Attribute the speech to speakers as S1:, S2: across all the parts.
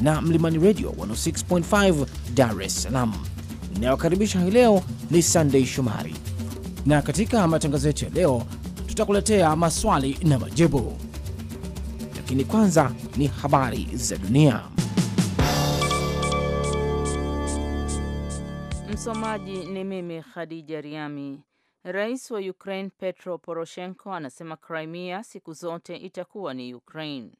S1: na Mlimani Radio 106.5 Dar es Salaam. Inayokaribisha hii leo ni Sunday Shomari, na katika matangazo yetu ya leo tutakuletea maswali na majibu, lakini kwanza ni habari za dunia.
S2: Msomaji ni mimi Khadija Riami. Rais wa Ukraine Petro Poroshenko anasema Crimea siku zote itakuwa ni Ukraine.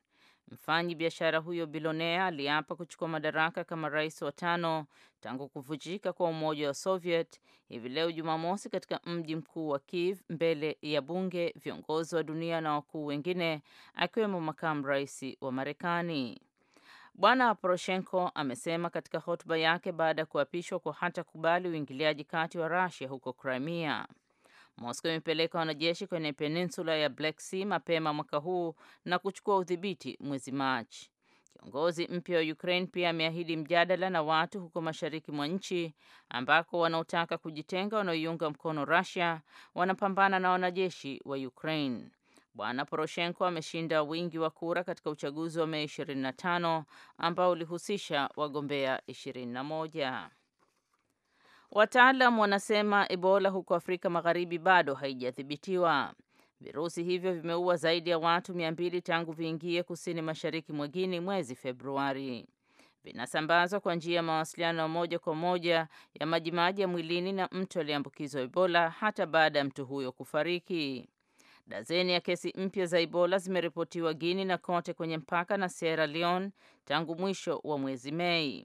S2: Mfanyi biashara huyo bilionea aliapa kuchukua madaraka kama rais wa tano tangu kuvunjika kwa Umoja wa Soviet hivi leo Jumamosi katika mji mkuu wa Kiev mbele ya bunge, viongozi wa dunia na wakuu wengine akiwemo makamu rais wa Marekani. Bwana Poroshenko amesema katika hotuba yake baada ya kuapishwa kwa hata kubali uingiliaji kati wa Russia huko Crimea. Moscow imepeleka wanajeshi kwenye peninsula ya Black Sea mapema mwaka huu na kuchukua udhibiti mwezi Machi. Kiongozi mpya wa Ukraine pia ameahidi mjadala na watu huko mashariki mwa nchi ambako wanaotaka kujitenga wanaoiunga mkono Russia wanapambana na wanajeshi wa Ukraine. Bwana Poroshenko ameshinda wingi wa kura katika uchaguzi wa Mei 25 ambao ulihusisha wagombea 21. Wataalam wanasema Ebola huko Afrika Magharibi bado haijathibitiwa Virusi hivyo vimeua zaidi ya watu 200 tangu viingie kusini mashariki mwa Guinea mwezi Februari. Vinasambazwa kwa njia ya mawasiliano ya moja kwa moja ya majimaji ya mwilini na mtu aliyeambukizwa Ebola hata baada ya mtu huyo kufariki. Dazeni ya kesi mpya za Ebola zimeripotiwa Guinea na kote kwenye mpaka na Sierra Leone tangu mwisho wa mwezi Mei.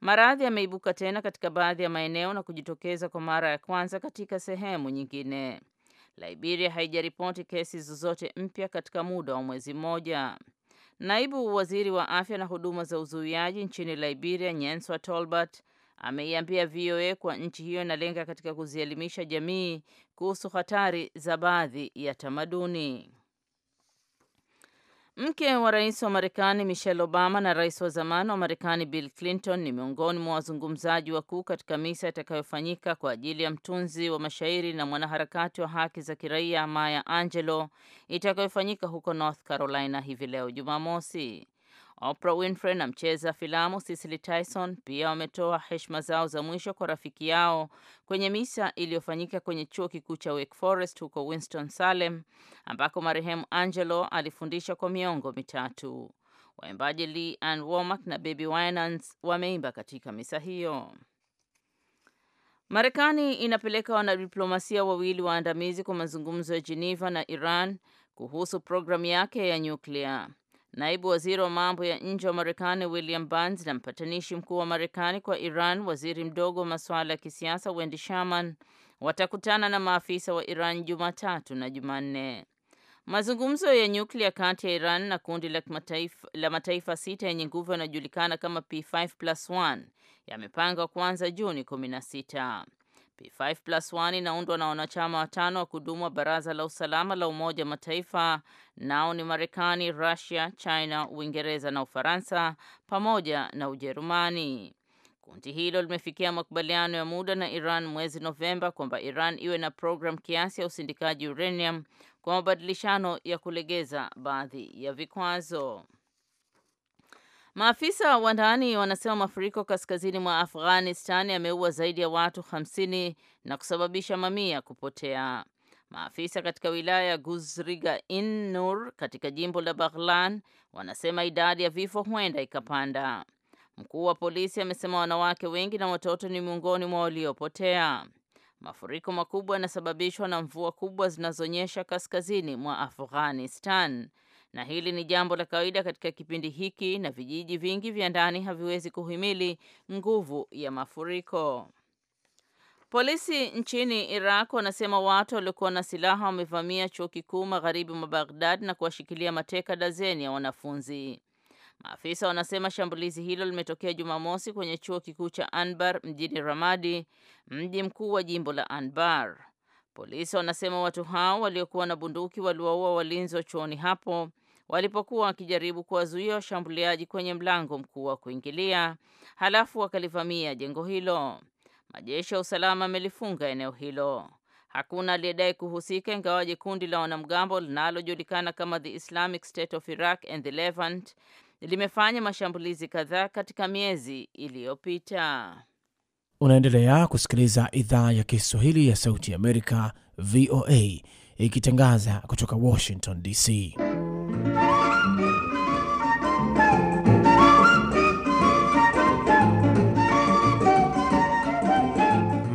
S2: Maradhi yameibuka tena katika baadhi ya maeneo na kujitokeza kwa mara ya kwanza katika sehemu nyingine. Liberia haijaripoti kesi zozote mpya katika muda wa mwezi mmoja. Naibu waziri wa afya na huduma za uzuiaji nchini Liberia, Nyenswa Tolbert, ameiambia VOA kwa nchi hiyo inalenga katika kuzielimisha jamii kuhusu hatari za baadhi ya tamaduni. Mke wa rais wa Marekani Michelle Obama na rais wa zamani wa Marekani Bill Clinton ni miongoni mwa wazungumzaji wakuu katika misa itakayofanyika kwa ajili ya mtunzi wa mashairi na mwanaharakati wa haki za kiraia Maya angelo itakayofanyika huko North Carolina hivi leo Jumamosi. Oprah Winfrey na mcheza filamu Cicely Tyson pia wametoa heshima zao za mwisho kwa rafiki yao kwenye misa iliyofanyika kwenye chuo kikuu cha Wake Forest huko Winston-Salem ambako marehemu Angelo alifundisha kwa miongo mitatu. Waimbaji Lee Ann Womack na Baby Winans wameimba katika misa hiyo. Marekani inapeleka wanadiplomasia wawili waandamizi kwa mazungumzo ya Geneva na Iran kuhusu programu yake ya nyuklia. Naibu waziri wa mambo ya nje wa Marekani William Burns na mpatanishi mkuu wa Marekani kwa Iran, waziri mdogo wa masuala ya kisiasa Wendy Sherman watakutana na maafisa wa Iran Jumatatu na Jumanne. Mazungumzo ya nyuklia kati ya Iran na kundi la mataifa, la mataifa sita yenye nguvu yanayojulikana kama P5+1 yamepangwa kuanza Juni 16. P5+1 inaundwa na wanachama watano wa kudumu wa Baraza la Usalama la Umoja wa Mataifa, nao ni Marekani, Russia, China, Uingereza na Ufaransa pamoja na Ujerumani. Kundi hilo limefikia makubaliano ya muda na Iran mwezi Novemba kwamba Iran iwe na programu kiasi ya usindikaji uranium kwa mabadilishano ya kulegeza baadhi ya vikwazo. Maafisa wa ndani wanasema mafuriko kaskazini mwa Afghanistan yameua zaidi ya watu 50 na kusababisha mamia kupotea. Maafisa katika wilaya ya Guzriga in Nur katika jimbo la Baghlan wanasema idadi ya vifo huenda ikapanda. Mkuu wa polisi amesema wanawake wengi na watoto ni miongoni mwa waliopotea. Mafuriko makubwa yanasababishwa na mvua kubwa zinazonyesha kaskazini mwa Afghanistan na hili ni jambo la kawaida katika kipindi hiki, na vijiji vingi vya ndani haviwezi kuhimili nguvu ya mafuriko. Polisi nchini Iraq wanasema watu waliokuwa na silaha wamevamia chuo kikuu magharibi mwa Baghdad na kuwashikilia mateka dazeni ya wanafunzi. Maafisa wanasema shambulizi hilo limetokea Jumamosi kwenye chuo kikuu cha Anbar mjini Ramadi, mji mkuu wa jimbo la Anbar. Polisi wanasema watu hao waliokuwa na bunduki waliwaua walinzi wa chuoni hapo walipokuwa wakijaribu kuwazuia washambuliaji kwenye mlango mkuu wa kuingilia, halafu wakalivamia jengo hilo. Majeshi ya usalama yamelifunga eneo hilo. Hakuna aliyedai kuhusika, ingawaji kundi la wanamgambo linalojulikana kama The Islamic State of Iraq and the Levant limefanya mashambulizi kadhaa katika miezi iliyopita.
S1: Unaendelea kusikiliza idhaa ya Kiswahili ya Sauti ya Amerika, VOA, ikitangaza kutoka Washington DC.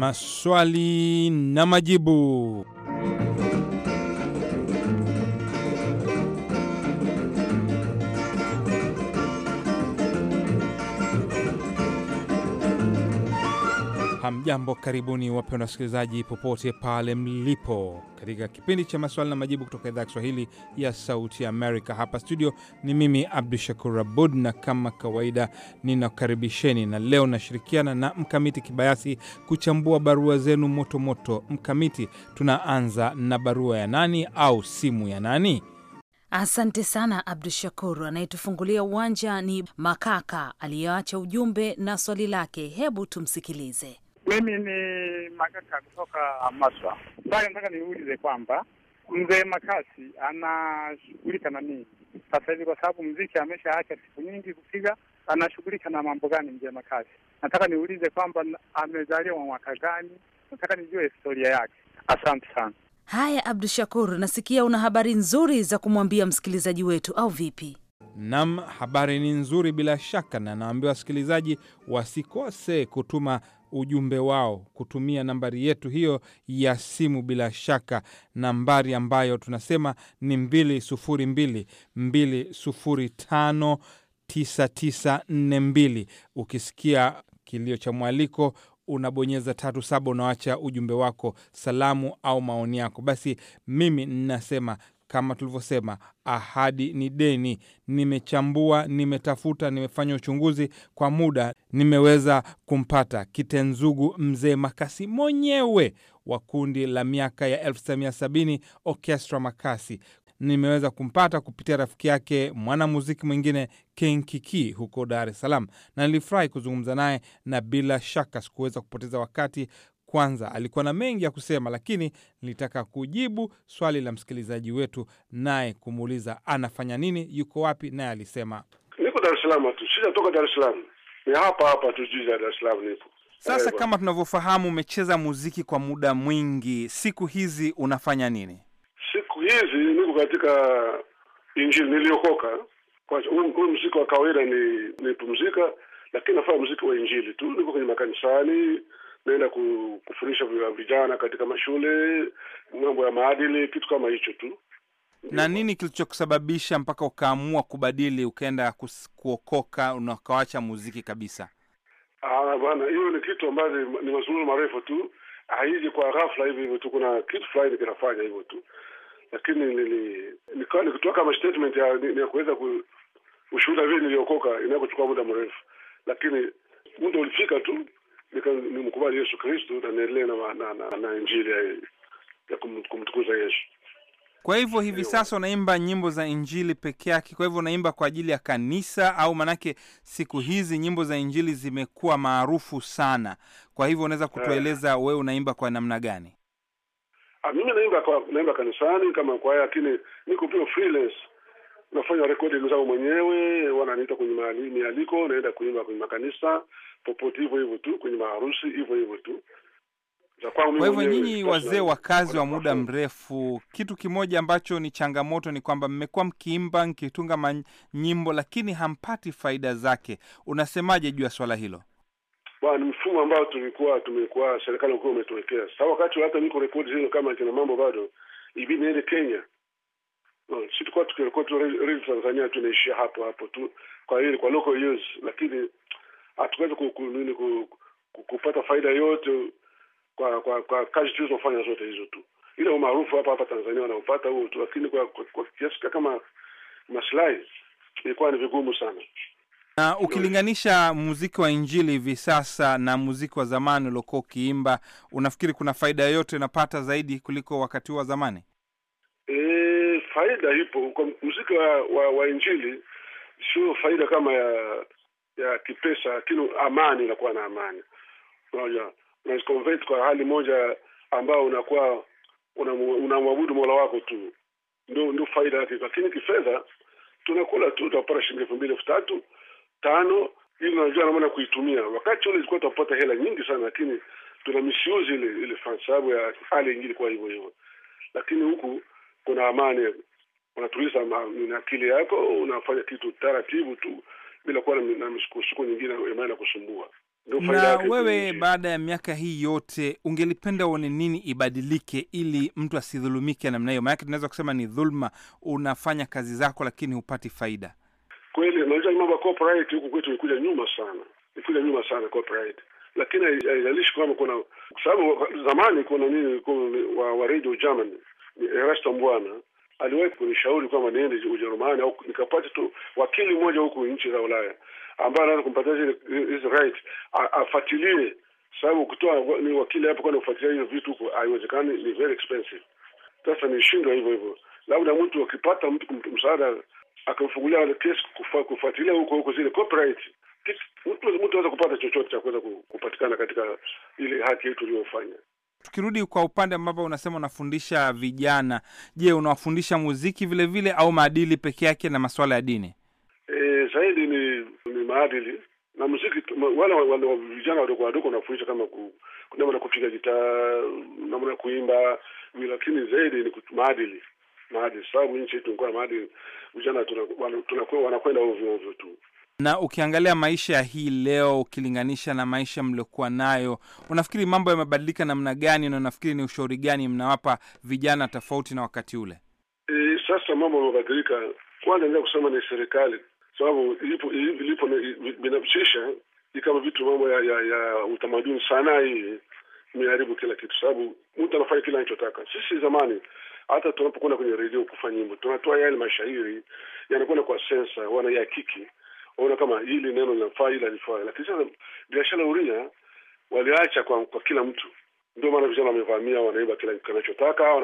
S3: maswali na majibu. Hamjambo, karibuni wapendwa wasikilizaji popote pale mlipo, katika kipindi cha maswali na majibu kutoka idhaa ya Kiswahili ya Sauti ya Amerika. Hapa studio ni mimi Abdu Shakur Abud, na kama kawaida ninakaribisheni, na leo nashirikiana na Mkamiti Kibayasi kuchambua barua zenu motomoto moto. Mkamiti, tunaanza na barua ya nani au simu ya nani?
S4: Asante sana Abdu Shakur. Anayetufungulia uwanja ni Makaka aliyeacha ujumbe na swali lake, hebu tumsikilize.
S3: Mimi ni Makaka kutoka Maswa. Pale nataka niulize kwamba mzee Makasi anashughulika na nini sasa hivi, kwa sababu mziki ameshaacha siku nyingi kupiga. Anashughulika na mambo gani mzee Makasi? Nataka niulize kwamba amezaliwa mwaka gani, nataka nijue historia yake. Asante sana.
S4: Haya, Abdu Shakur, nasikia una habari nzuri za kumwambia msikilizaji wetu, au vipi?
S3: Nam, habari ni nzuri bila shaka, na naambiwa wasikilizaji wasikose kutuma ujumbe wao kutumia nambari yetu hiyo ya simu, bila shaka nambari ambayo tunasema ni 202 205 9942. Ukisikia kilio cha mwaliko unabonyeza tatu saba, unawacha ujumbe wako, salamu au maoni yako. Basi mimi ninasema kama tulivyosema, ahadi ni deni. Nimechambua, nimetafuta, nimefanya uchunguzi kwa muda, nimeweza kumpata Kitenzugu Mzee Makasi mwenyewe wa kundi la miaka ya 1970 Orchestra Makasi nimeweza kumpata kupitia rafiki yake mwanamuziki mwingine King Kiki huko Dar es Salaam, na nilifurahi kuzungumza naye, na bila shaka sikuweza kupoteza wakati kwanza. Alikuwa na mengi ya kusema, lakini nilitaka kujibu swali la msikilizaji wetu, naye kumuuliza anafanya nini, yuko wapi, naye alisema
S5: niko Dar es Salaam tu, sijatoka Dar es Salaam, ni hapa hapa tu jiji la Dar es Salaam nipo. Sasa eh, kama
S3: tunavyofahamu, umecheza muziki kwa muda mwingi, siku hizi unafanya nini?
S5: Siku hizi niko katika injili, niliokoka. Huu mziki wa kawaida ni nipumzika, lakini nafanya mziki wa injili tu, niko kwenye makanisani naenda kufundisha vijana katika mashule mambo ya maadili, kitu kama hicho tu. Na
S3: nini kilichokusababisha mpaka ukaamua kubadili, ukaenda kuokoka na ukawacha muziki kabisa?
S5: Ah, bwana, hiyo ni kitu ambayo ni mazungumzo marefu tu, haiji kwa ghafla hivi hivyo tu. Kuna kitu fulani kinafanya hivyo tu, lakini nili- nikawa nikitoa kama statement ya ni kuweza kushuhuda vile niliokoka, inakuchukua muda mrefu, lakini muda ulifika tu nimkubali Yesu Kristo na niendelee na, na, na, na injili ya, ya kumtukuza Yesu.
S3: Kwa hivyo hivi sasa unaimba nyimbo za injili peke yake? Kwa hivyo unaimba kwa ajili ya kanisa au? Manake siku hizi nyimbo za injili zimekuwa maarufu sana, kwa hivyo unaweza kutueleza eh. wewe unaimba kwa namna gani?
S5: Ah, mimi naimba kwa, naimba kanisani kama kwaya, lakini niko pia freelance, nafanya recording zangu mwenyewe, wananiita kwenye mialiko, naenda kuimba kwenye makanisa popote hivyo hivyo tu, kwenye maharusi hivyo hivyo tu. Kwa hivyo nyinyi wazee
S3: wakazi wa muda mrefu, kitu kimoja ambacho ni changamoto ni kwamba mmekuwa mkiimba, mkitunga nyimbo lakini hampati faida zake. Unasemaje juu ya swala hilo?
S5: Bwana, ni mfumo ambao tulikuwa tumekuwa serikali ilikuwa umetuwekea. Sasa wakati hata niko rekodi hiyo, kama kina mambo bado ibi niende Kenya, si tulikuwa tukirekodi tu Tanzania, tunaishia hapo hapo tu, kwa hiyo kwa local use, lakini hatuwezi kupata faida yote kwa kwa, kwa kazi tulizofanya zote hizo tu. Ile umaarufu hapa hapa Tanzania wanaopata huo tu, lakini kwa, kwa, kwa kiasi kama maslahi ilikuwa ni vigumu sana.
S3: Na ukilinganisha muziki wa Injili hivi sasa na muziki wa zamani uliokuwa ukiimba, unafikiri kuna faida yoyote inapata zaidi kuliko wakati wa zamani?
S5: E, faida ipo kwa muziki wa, wa, wa Injili, sio faida kama ya ya kipesa lakini amani inakuwa na amani, unaona, kwa hali moja ambayo unakuwa unamwabudu Mola wako tu, ndio ndio faida yake. Lakini kifedha tunakula tu, tutapata shilingi elfu mbili elfu tatu tano ili unajua namana kuitumia. Wakati ule ilikuwa tunapata hela nyingi sana, lakini tuna misiuzi ile ile sababu ya hali ingine kwa hivyo hivyo, lakini huku kuna amani, unatuliza akili yako, unafanya kitu taratibu tu bila kuwa na msukosuko nyingine ambayo kusumbua Na wewe
S3: baada ya miaka hii yote, ungelipenda uone nini ibadilike ili mtu asidhulumike namna hiyo? Maanake tunaweza kusema ni dhulma, unafanya kazi zako lakini hupati faida.
S5: Kweli unajua mambo ya huku kwetu ikuja nyuma sana, ikuja nyuma sana copyright, lakini haijalishi kwamba kuna kwa sababu zamani kuna nini, kuna wa, wa Radio Germany Erasto Mbwana aliwahi kunishauri kwamba niende Ujerumani au nikapata tu wakili mmoja huku nchi za Ulaya ambaye anaweza kumpatia hizi right afuatilie, sababu ukitoa ni wakili hapo kwenda kufuatilia hiyo vitu huko haiwezekani, ni very expensive. Sasa nishindwa hivyo hivyo, labda mtu akipata mtu msaada akamfungulia kesi kufuatilia huko huko zile copyright mtu mtu anaweza kupata chochote cha kuweza kupatikana katika ile haki yetu uliyofanya
S3: tukirudi kwa upande ambapo unasema unafundisha vijana, je, unawafundisha muziki vilevile vile, au maadili peke yake na masuala ya dini?
S5: E, zaidi ni, ni maadili na muziki. Wale vijana wadogo wadogo wanafundisha kama namna kupiga gitaa, namna ya kuimba, lakini zaidi ni maadili maadili, sababu nchi yetu maadili, vijana tunakwenda ovyo ovyo tu.
S4: Na
S3: ukiangalia maisha hii leo ukilinganisha na maisha mliokuwa nayo, unafikiri mambo yamebadilika namna gani, na unafikiri ni ushauri gani mnawapa vijana tofauti na wakati ule?
S5: E, sasa mambo yamebadilika. Kwanza naweza kusema ni serikali, sababu ilipo binafsisha ni kama vitu mambo ya, ya, ya utamaduni sana. Hii imeharibu kila kitu, sababu mtu anafanya kila anachotaka. Sisi zamani hata tunapokwenda kwenye redio kufanya nyimbo, tunatoa yale mashairi yanakwenda kwa sensa, wanayakiki ona kama hili neno linafaa, ili halifai. Lakini sasa biashara huria waliacha kwa, kwa kila mtu. Ndio maana vijana wamevamia, wanaiba kila kinachotaka,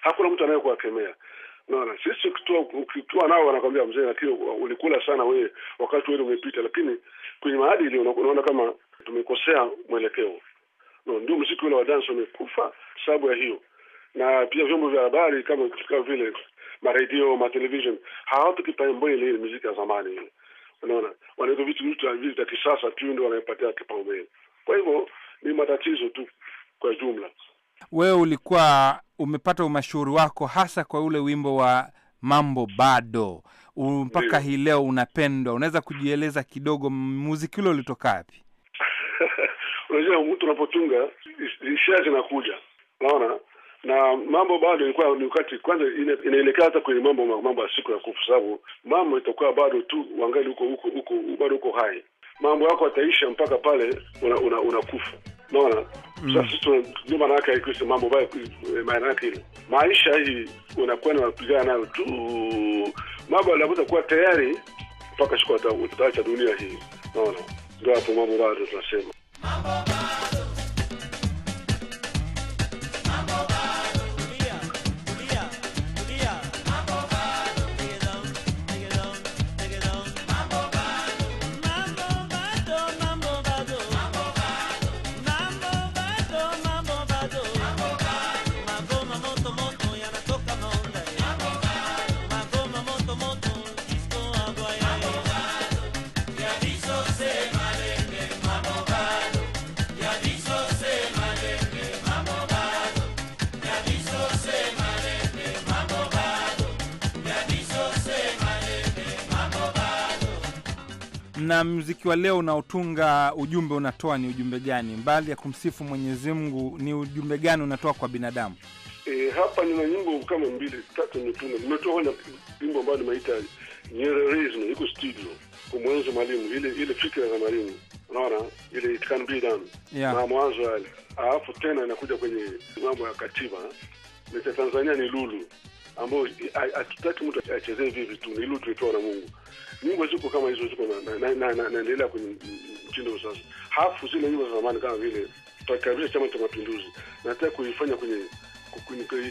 S5: hakuna mtu anayekuwakemea. Naona sisi ukitua nao wanakwambia mzee, lakini ulikula sana wee wakati wewe umepita. Lakini kwenye maadili unaona kama tumekosea mwelekeo. No, ndio mziki ule wa dansi umekufa sababu ya hiyo, na pia vyombo vya habari kama kama vile maredio matelevision hawatu mbele ile ile miziki ya zamani ile Unaona, wana hizo vitu vitu vya kisasa tu ndio wanapatia kipaumbele. Kwa hivyo ni matatizo tu kwa jumla.
S3: Wewe ulikuwa umepata umashuhuri wako hasa kwa ule wimbo wa mambo bado mpaka hii leo unapendwa. Unaweza kujieleza kidogo, muziki ule ulitoka wapi?
S5: Unajua, mtu unapotunga hisia zinakuja, unaona na mambo bado ilikuwa ni wakati kwanza, inaelekea hata kwenye mambo mambo ya siku ya kufu sababu mambo itakuwa bado tu wangali huko huko huko bado huko hai, mambo yako ataisha mpaka pale unakufa una, una naona
S4: mm.
S6: Sasa
S5: ndio maana yake mambo eh, maana yake ile maisha hii nayo tu, mambo yanaweza kuwa tayari mpaka siku utaacha dunia hii. Naona ndio hapo mambo bado tunasema mambo
S3: Na mziki wa leo unaotunga ujumbe unatoa ni ujumbe gani? Mbali ya kumsifu Mwenyezi Mungu, ni ujumbe gani unatoa kwa binadamu?
S5: E, hapa nina nyimbo kama mbili tatu nimetuna, nimetoa kwenye nyimbo ambayo nimeita Nyerere, iko studio kumwenzo mwalimu, ile ile fikira za mwalimu, unaona ile yeah. na mwanzo yale, alafu tena inakuja kwenye mambo ya katiba. Tanzania ni lulu ambayo hatutaki mtu achezee hivi vitu, hilo tulipewa na Mungu. Nyimbo ziko kama hizo ziko naendelea kwenye mtindo sasa, hafu zile nyimbo za zamani kama vile tutakaribisha Chama cha Mapinduzi, nataka kuifanya kwenye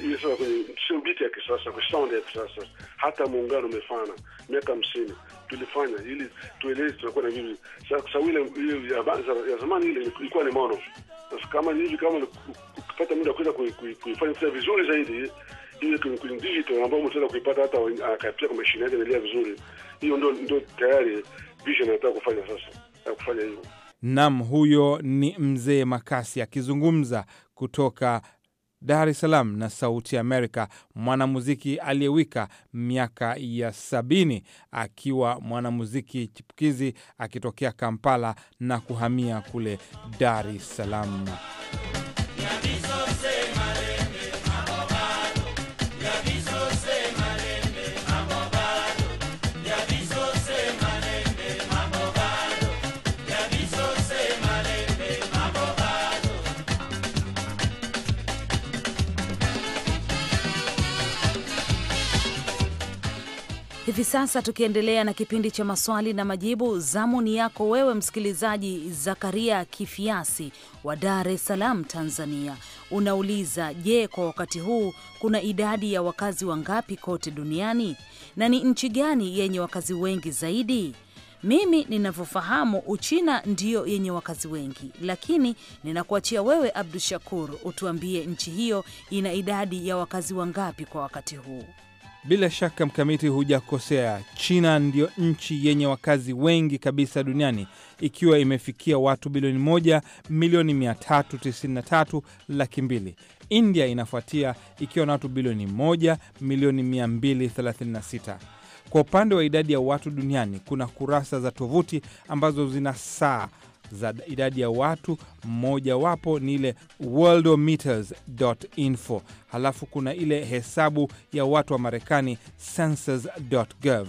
S5: ile sasa kwenye sio biti ya kisasa, kwa sound ya kisasa. Hata muungano umefana miaka hamsini tulifanya ili tueleze tunakuwa na vipi sasa. Ile ile ya zamani ile ilikuwa ni mono. Sasa kama hivi, kama ukipata muda kuweza kuifanya vizuri zaidi ile Twinkling Digital ambayo mtaweza kuipata hata akapia kwa mashine yake inaendelea vizuri. Hiyo ndio ndio tayari vision anataka kufanya sasa, na kufanya hivyo.
S3: Naam, huyo ni mzee Makasi akizungumza kutoka Dar es Salaam na Sauti Amerika, mwanamuziki aliyewika miaka ya sabini akiwa mwanamuziki chipukizi akitokea Kampala na kuhamia kule Dar es Salaam.
S4: Hivi sasa tukiendelea na kipindi cha maswali na majibu, zamu ni yako wewe msikilizaji. Zakaria Kifiasi wa Dar es Salaam, Tanzania, unauliza je, kwa wakati huu kuna idadi ya wakazi wangapi kote duniani na ni nchi gani yenye wakazi wengi zaidi? Mimi ninavyofahamu Uchina ndiyo yenye wakazi wengi, lakini ninakuachia wewe Abdu Shakur utuambie nchi hiyo ina idadi ya wakazi wangapi kwa wakati huu.
S3: Bila shaka Mkamiti, hujakosea. China ndiyo nchi yenye wakazi wengi kabisa duniani ikiwa imefikia watu bilioni moja milioni 393 laki mbili. India inafuatia ikiwa na watu bilioni moja milioni 236. Kwa upande wa idadi ya watu duniani, kuna kurasa za tovuti ambazo zina saa za idadi ya watu, mmojawapo ni ile worldometers.info. Halafu kuna ile hesabu ya watu wa Marekani, census.gov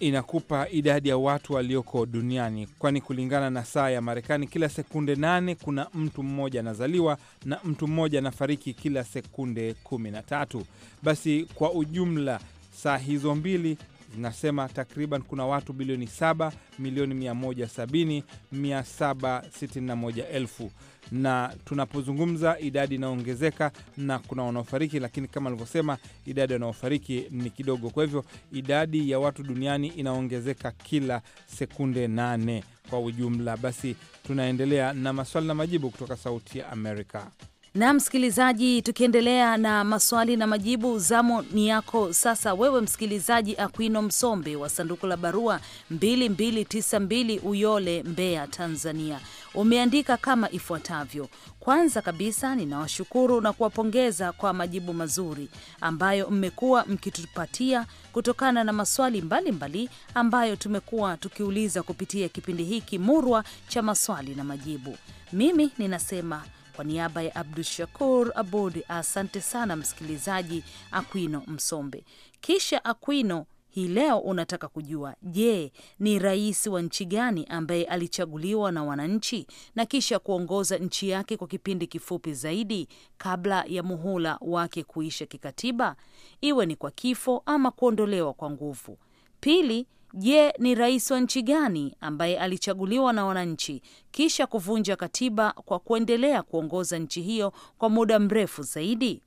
S3: inakupa idadi ya watu walioko duniani, kwani kulingana na saa ya Marekani kila sekunde nane kuna mtu mmoja anazaliwa na mtu mmoja anafariki kila sekunde kumi na tatu. Basi kwa ujumla saa hizo mbili zinasema takriban kuna watu bilioni 7 milioni 170 761 na tunapozungumza idadi inaongezeka na kuna wanaofariki, lakini kama alivyosema idadi wanaofariki ni kidogo. Kwa hivyo idadi ya watu duniani inaongezeka kila sekunde nane kwa ujumla. Basi tunaendelea na maswali na majibu kutoka Sauti ya Amerika.
S4: Na msikilizaji, tukiendelea na maswali na majibu, zamu ni yako sasa. Wewe msikilizaji Akwino Msombe wa sanduku la barua 2292 Uyole, Mbeya, Tanzania, umeandika kama ifuatavyo: kwanza kabisa ninawashukuru na kuwapongeza kwa majibu mazuri ambayo mmekuwa mkitupatia kutokana na maswali mbalimbali mbali ambayo tumekuwa tukiuliza kupitia kipindi hiki murwa cha maswali na majibu. Mimi ninasema kwa niaba ya Abdu Shakur Abud, asante sana msikilizaji Akwino Msombe. Kisha Akwino, hii leo unataka kujua, je, ni rais wa nchi gani ambaye alichaguliwa na wananchi na kisha kuongoza nchi yake kwa kipindi kifupi zaidi kabla ya muhula wake kuisha kikatiba, iwe ni kwa kifo ama kuondolewa kwa nguvu? Pili, Je, ni rais wa nchi gani ambaye alichaguliwa na wananchi kisha kuvunja katiba kwa kuendelea kuongoza nchi hiyo kwa muda mrefu zaidi?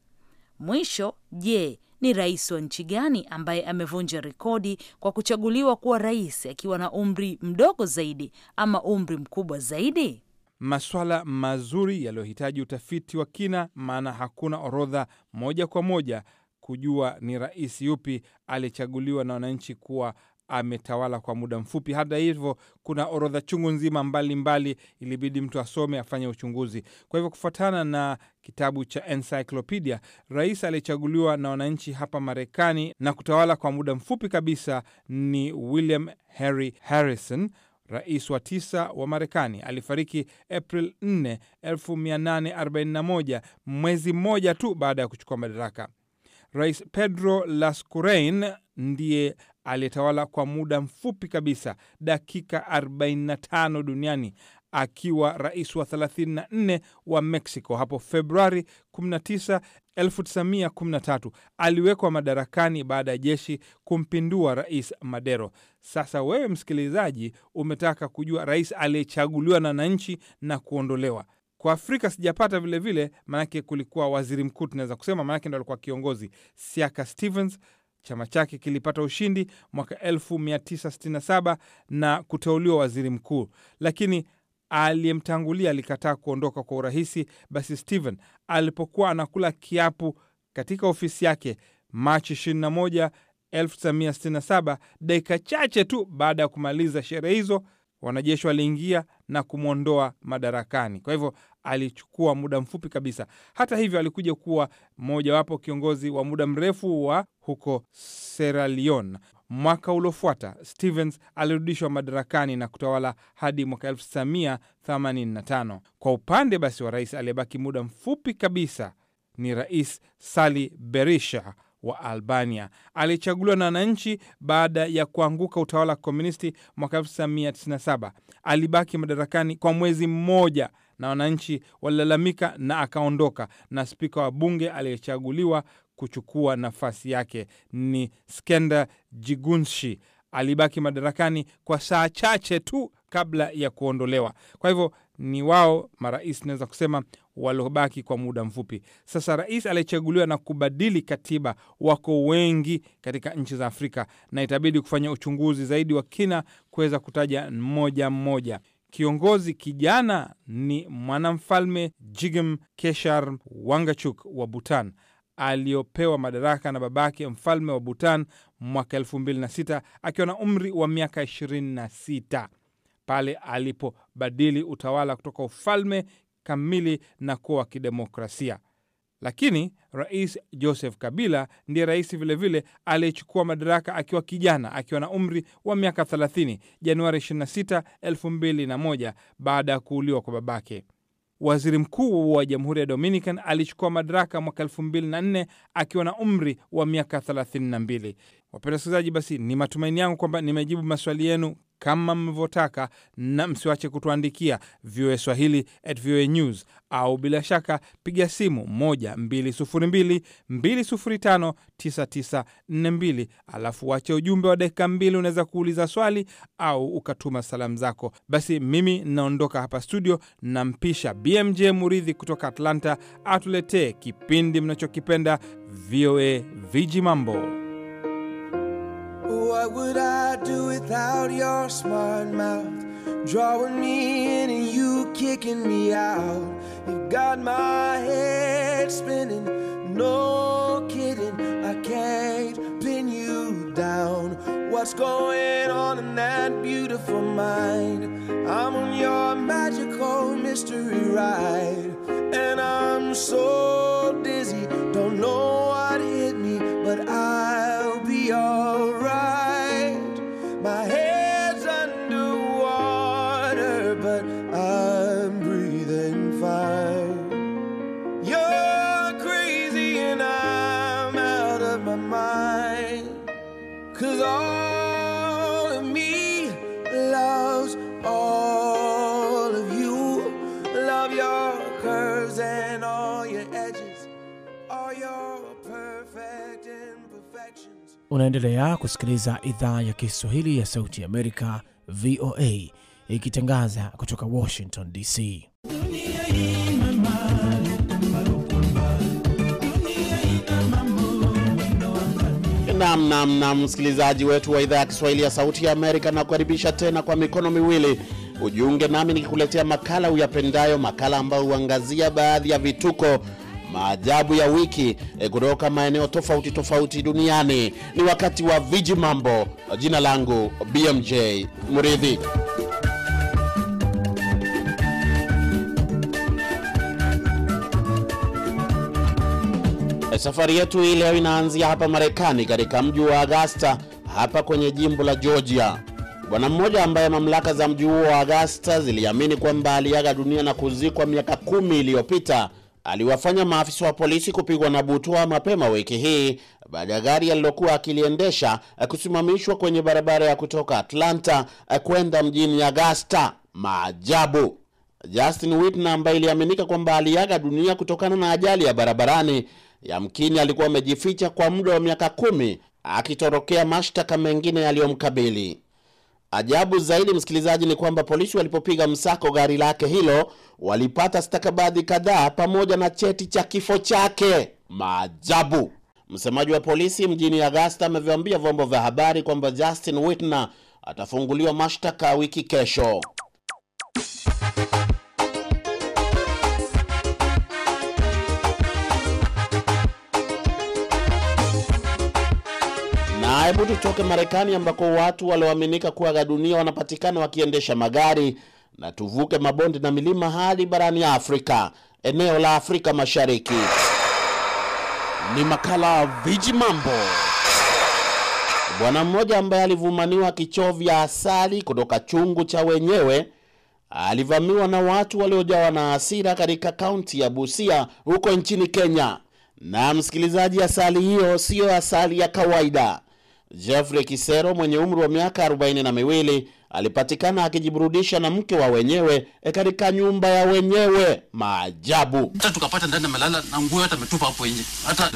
S4: Mwisho, je, ni rais wa nchi gani ambaye amevunja rekodi kwa kuchaguliwa kuwa rais akiwa na umri mdogo zaidi ama umri mkubwa zaidi?
S3: Maswala mazuri yaliyohitaji utafiti wa kina, maana hakuna orodha moja kwa moja kujua ni rais yupi aliyechaguliwa na wananchi kuwa ametawala kwa muda mfupi. Hata hivyo, kuna orodha chungu nzima mbalimbali mbali, ilibidi mtu asome afanye uchunguzi. Kwa hivyo, kufuatana na kitabu cha Encyclopedia, rais aliyechaguliwa na wananchi hapa Marekani na kutawala kwa muda mfupi kabisa ni William Henry Harrison, rais wa tisa wa Marekani. Alifariki April 4, 1841 mwezi mmoja tu baada ya kuchukua madaraka. Rais Pedro Lascurain ndiye aliyetawala kwa muda mfupi kabisa, dakika 45 duniani, akiwa rais wa 34 wa Mexico hapo Februari 19, 1913. Aliwekwa madarakani baada ya jeshi kumpindua Rais Madero. Sasa wewe msikilizaji, umetaka kujua rais aliyechaguliwa na wananchi na kuondolewa kwa Afrika sijapata vilevile, maanake kulikuwa waziri mkuu tunaweza kusema, maanake ndo alikuwa kiongozi Siaka Stevens Chama chake kilipata ushindi mwaka 1967 na kuteuliwa waziri mkuu, lakini aliyemtangulia alikataa kuondoka kwa urahisi. Basi stehen alipokuwa anakula kiapu katika ofisi yake Machi 21, 1967, dakika chache tu baada ya kumaliza sherehe hizo, wanajeshi waliingia na kumwondoa madarakani. Kwa hivyo alichukua muda mfupi kabisa. Hata hivyo, alikuja kuwa mmojawapo kiongozi wa muda mrefu wa huko Sierra Leone. Mwaka uliofuata Stevens alirudishwa madarakani na kutawala hadi mwaka 1985. Kwa upande basi wa rais aliyebaki muda mfupi kabisa ni Rais Sali Berisha wa Albania. Alichaguliwa na wananchi baada ya kuanguka utawala wa komunisti mwaka 1997. Alibaki madarakani kwa mwezi mmoja na wananchi walilalamika na akaondoka, na spika wa bunge aliyechaguliwa kuchukua nafasi yake ni Skender Jigunshi alibaki madarakani kwa saa chache tu kabla ya kuondolewa. Kwa hivyo ni wao marais, naweza kusema waliobaki kwa muda mfupi. Sasa rais aliyechaguliwa na kubadili katiba wako wengi katika nchi za Afrika, na itabidi kufanya uchunguzi zaidi wa kina kuweza kutaja mmoja mmoja. Kiongozi kijana ni mwanamfalme Jigme Khesar wangachuk wa Bhutan aliyopewa madaraka na babake mfalme wa Bhutan mwaka 2006 akiwa na umri wa miaka 26 pale alipobadili utawala kutoka ufalme kamili na kuwa wa kidemokrasia. Lakini Rais Joseph Kabila ndiye rais vilevile aliyechukua madaraka akiwa kijana, akiwa na umri wa miaka 30, Januari 26, 2001 baada ya kuuliwa kwa babake. Waziri mkuu wa Jamhuri ya Dominican alichukua madaraka mwaka 24 akiwa na umri wa miaka 32. Wapenda wasikilizaji, basi ni matumaini yangu kwamba nimejibu maswali yenu kama mmevyotaka, na msiwache kutuandikia VOA Swahili at VOA News, au bila shaka piga simu 12022059942 alafu wache ujumbe wa dakika mbili. Unaweza kuuliza swali au ukatuma salamu zako. Basi mimi naondoka hapa studio, nampisha BMJ Muridhi kutoka Atlanta atuletee kipindi mnachokipenda VOA Viji Mambo.
S1: what would I do without your smart mouth? Drawing me in and you kicking me out. You've got my head spinning, no kidding. I can't pin you down. What's going on in that beautiful mind? I'm on your magical mystery ride, and I'm so dizzy, don't know what Unaendelea kusikiliza idhaa ya Kiswahili ya Sauti Amerika, VOA, ikitangaza kutoka Washington DC.
S6: Nam nam, msikilizaji wetu wa idhaa ya Kiswahili ya Sauti ya Amerika, nakukaribisha tena kwa mikono miwili ujiunge nami nikikuletea makala uyapendayo, makala ambayo huangazia baadhi ya vituko maajabu ya wiki eh, kutoka maeneo tofauti tofauti duniani. Ni wakati wa viji mambo. Jina langu BMJ mridhi eh, Safari yetu hii leo inaanzia hapa Marekani, katika mji wa agasta hapa kwenye jimbo la Georgia. Bwana mmoja ambaye mamlaka za mji huo wa agasta ziliamini kwamba aliaga dunia na kuzikwa miaka kumi iliyopita aliwafanya maafisa wa polisi kupigwa na butwa mapema wiki hii baada ya gari alilokuwa akiliendesha eh, kusimamishwa kwenye barabara ya kutoka Atlanta eh, kwenda mjini agasta Maajabu! Justin Whitner ambaye iliaminika kwamba aliaga dunia kutokana na ajali ya barabarani, yamkini alikuwa amejificha kwa muda wa miaka kumi akitorokea mashtaka mengine yaliyomkabili. Ajabu zaidi msikilizaji, ni kwamba polisi walipopiga msako gari lake hilo walipata stakabadhi kadhaa pamoja na cheti cha kifo chake. Maajabu! Msemaji wa polisi mjini Agasta ameviambia vyombo vya habari kwamba Justin Whitner atafunguliwa mashtaka wiki kesho. Hebu tutoke Marekani ambako watu walioaminika kuaga dunia wanapatikana wakiendesha magari na tuvuke mabonde na milima hadi barani ya Afrika, eneo la Afrika Mashariki. Ni makala Viji Mambo. Bwana mmoja ambaye alivumaniwa kichovya asali kutoka chungu cha wenyewe alivamiwa na watu waliojawa na hasira katika kaunti ya Busia huko nchini Kenya. Na msikilizaji, asali hiyo siyo asali ya kawaida. Jeffrey Kisero mwenye umri wa miaka 4 na miwili alipatikana akijiburudisha na mke wa wenyewe e, katika nyumba ya wenyewe. Maajabu! Hata tukapata ndani amelala na nguo hata ametupa hapo nje, hata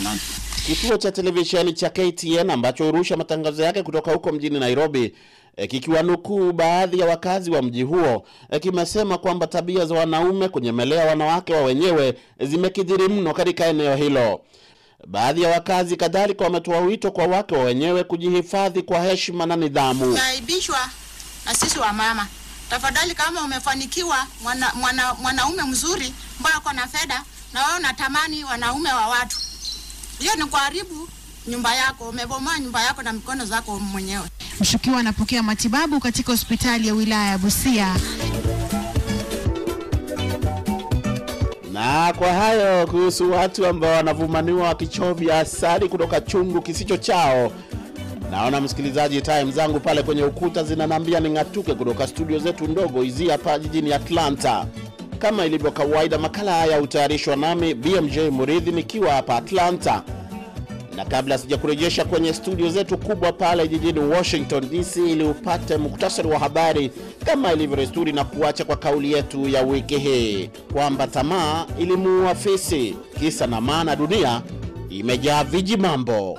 S6: mlango Kituo cha televisheni cha KTN ambacho hurusha matangazo yake kutoka huko mjini Nairobi E, kikiwanukuu baadhi ya wakazi wa mji huo e, kimesema kwamba tabia za wanaume kunyemelea wanawake wa wenyewe zimekidhiri mno katika eneo hilo. Baadhi ya wakazi kadhalika wametoa wito kwa wake wa wenyewe kujihifadhi kwa heshima na nidhamu.
S2: Tunaibishwa na sisi wa mama, tafadhali, kama umefanikiwa mwana, mwana, mwanaume mzuri ambaye ako na fedha na wao natamani wanaume wa watu, hiyo ni kuharibu nyumba yako, umebomoa nyumba yako na mikono zako mwenyewe.
S4: Mshukiwa anapokea matibabu katika hospitali ya wilaya ya Busia.
S6: Na kwa hayo kuhusu watu ambao wanavumaniwa wakichovya asali kutoka chungu kisicho chao. Naona msikilizaji, time zangu pale kwenye ukuta zinanambia ning'atuke kutoka studio zetu ndogo hizi hapa jijini Atlanta. Kama ilivyo kawaida, makala haya hutayarishwa nami BMJ Muridhi nikiwa hapa Atlanta. Na kabla sija kurejesha kwenye studio zetu kubwa pale jijini Washington DC ili upate muktasari wa habari kama ilivyo desturi, na kuacha kwa kauli yetu ya wiki hii kwamba tamaa ilimuua fisi, kisa na maana dunia imejaa viji mambo.